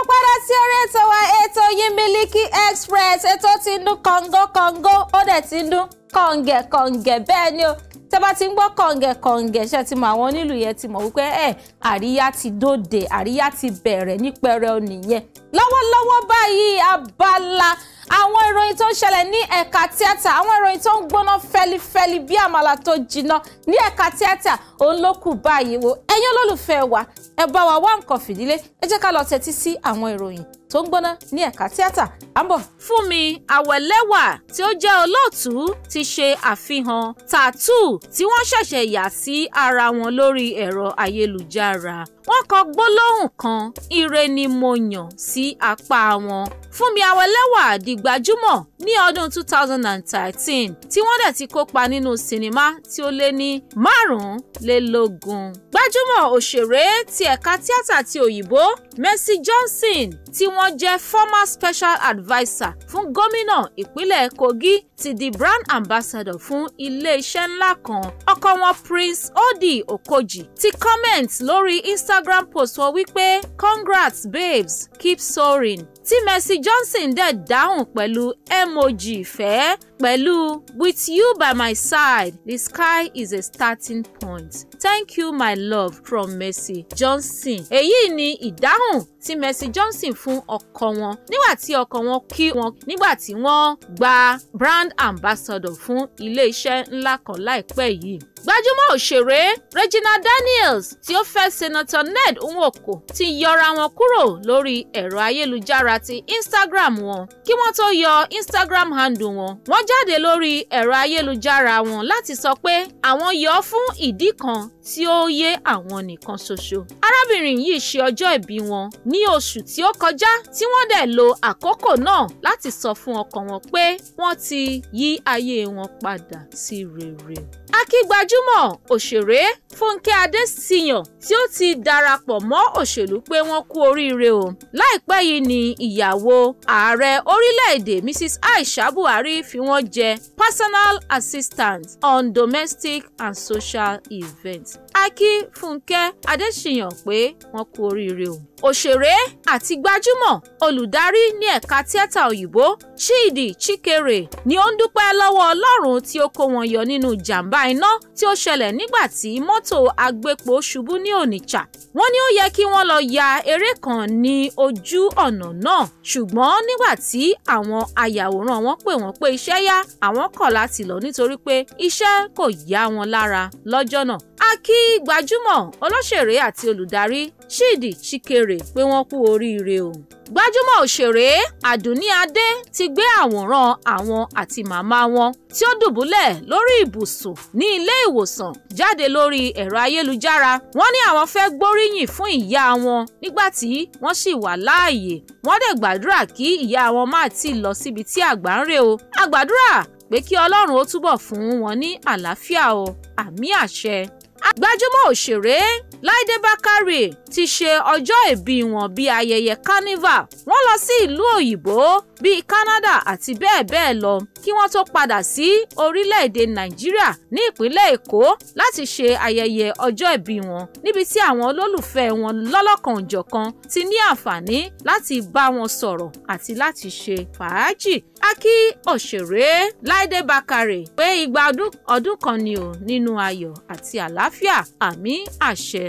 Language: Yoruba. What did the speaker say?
káàbọ̀ padà sí orí ètò wa ètò yín Miliki Express ètò tí ń dún kọ̀ǹgó kọ̀ǹgó ó dẹ̀ ti ń kọ̀ǹgẹ̀ kọ̀ǹgẹ̀ bẹ́ẹ̀ ni o bá ti ń gbọ́ kọ̀ǹgẹ̀ kọ̀ǹgẹ̀ ṣe ti mọ àwọn onílù yẹn ti mọ̀ wípé ẹ̀ àríyá ti dóde àríyá ti bẹ̀rẹ̀ ní pẹrẹu nìyẹn lọ́wọ́lọ́wọ́ báyìí abala àwọn ìròyìn tó ń ṣẹlẹ̀ ní ẹ̀ka tíátà àwọn ìròyìn tó ń gbóná fẹ́lifẹ́li bí àmàlà tó jiná ní ẹ̀ka tíátà òun ló kù báyìí wo ẹ̀yin olólùfẹ́ wa ẹ bá wa wá nǹkan fìdílé ẹ jẹ́ ká lọ tẹ́tí sí àwọn ìròyìn tó ń gbóná ní ẹ̀ka tíátà à ń bọ̀. Fúnmi Àwẹ̀lẹ́wà tí ó jẹ́ olóòtú ti ṣe àfihàn Tattoo tí wọ́n ṣẹ̀ṣẹ̀ yà sí ara wọn lórí ẹ̀rọ ayélujára. Wọ́n kọ gbólóhùn kan ire ni mo yàn sí apá wọn. Fúnmi Awẹ́lẹ́wà di gbajúmọ̀ ní ọdún 2013 tí wọ́n dẹ̀ ti kópa nínú sinimá tí ó lé ní márùnlélógún. Gbajúmọ̀ òṣèré ti ẹ̀ka tíátà ti òyìnbó Mercy Johnson tí wọ́n jẹ́ former special adviser fún gómìnà ìpínlẹ̀ Kogi ti di brand ambassador fún ilé iṣẹ́ ńlá kan kan ọkọ wọn Prince Odi Okoji ti comment lórí Instagram post wọn wípé congrats babes keep soaring tí Mercy Johnson dẹ̀ dáhùn pẹ̀lú emoji ìfẹ́ pẹ̀lú with you by my side the sky is a starting point thank you my love from Mercy Johnson. èyí ni ìdáhùn tí Mercy Johnson fún ọkọ wọn nígbà tí ọkọ wọn kí wọn nígbà tí wọ́n gba brand ambassador fún ilé iṣẹ́ ńlá kan láìpẹ́ yìí gbajúmọ̀ òṣèré Regina Daniels tí ó fẹ́ Senator Ned Nwoko ti yọra wọn kúrò lórí ẹ̀rọ ayélujára ti Instagram wọn kí wọ́n tó yọ Instagram handle wọn wọ́n jáde lórí ẹ̀rọ ayélujára wọn láti sọ pé àwọn yọ fún ìdí kan tí ó yé àwọn nìkan ṣoṣo arábìnrin yìí ṣe ọjọ́ ìbí wọn ní oṣù tí ó kọjá tí wọ́n dẹ̀ lo àkókò náà láti sọ fún ọkàn wọn pé wọ́n ti yí ayé wọn padà sí rere akíngbajúmọ̀ òṣèré fúnkẹ́ adésìyàn tí ó ti darapọ̀ mọ́ òṣèlú pé wọ́n kú oríire o láìpẹ́ yìí ni ìyàwó ààrẹ orílẹ̀-èdè mrs aisha buhari fi wọ́n jẹ personal assistant on domestic and social events akí fúnkẹ́ adésìyàn pé wọ́n kú oríire o òṣèré àti gbajúmọ̀ olùdarí ní ẹ̀ka tíátà òyìnbó chidi chikere ni ó ń dúpẹ́ lọ́wọ́ ọlọ́run tí ó kó wọn yọ nínú jàǹbá ìjàmbá iná tí ó ṣẹlẹ̀ nígbà tí mọ́tò agbépo ṣubú ní Onitsha wọ́n ní ó yẹ kí wọ́n lọ ya eré kan ní ojú ọ̀nà náà ṣùgbọ́n nígbà tí àwọn ayàwòrán wọn pè wọ́n pé iṣẹ́ yá àwọn kọ̀ láti lọ nítorí pé iṣẹ́ kò yá wọn lára lọ́jọ́ náà Aki, kí gbajúmọ̀ olóṣèré àti olùdarí Chidi Chikere pé wọ́n kú oríire o gbajúmọ̀ òṣèré Àdùnní Adé ti gbé àwòrán àwọn àti màmá wọn tí ó dùbúlẹ̀ lórí ibùsùn ní ilé ìwòsàn jáde lórí ẹ̀rọ ayélujára wọ́n ní àwọn fẹ́ gbóríyìn fún ìyá wọn nígbà tí wọ́n sì wà láàyè wọ́n dẹ̀ gbàdúrà kí ìyá wọn má ti lọ síbi tí àgbà ń rè o àgbàdúrà pé kí Ọlọ́run ó túbọ̀ fún wọn ní àlàáfíà o àmì àṣẹ gbajúmọ̀ òṣèré láìdé bákàrè ti ṣe ọjọ́ ìbí wọn bíi ayẹyẹ carnival wọ́n lọ sí ìlú òyìnbó bíi Canada àti bẹ́ẹ̀ bẹ́ẹ̀ lọ kí wọ́n tó padà sí orílẹ̀-èdè Nàìjíríà ní ìpínlẹ̀ Èkó láti ṣe ayẹyẹ ọjọ́ ìbí wọn níbi tí àwọn olólùfẹ́ wọn lọ́lọ́kan ti ní àǹfààní láti bá wọn sọ̀rọ̀ àti láti ṣe fàájì a kí òṣèré láìdé bákàrè pé igba ọdún ọdún kan ni o nínú ayọ̀ àti àlàáfíà àmì àṣẹ.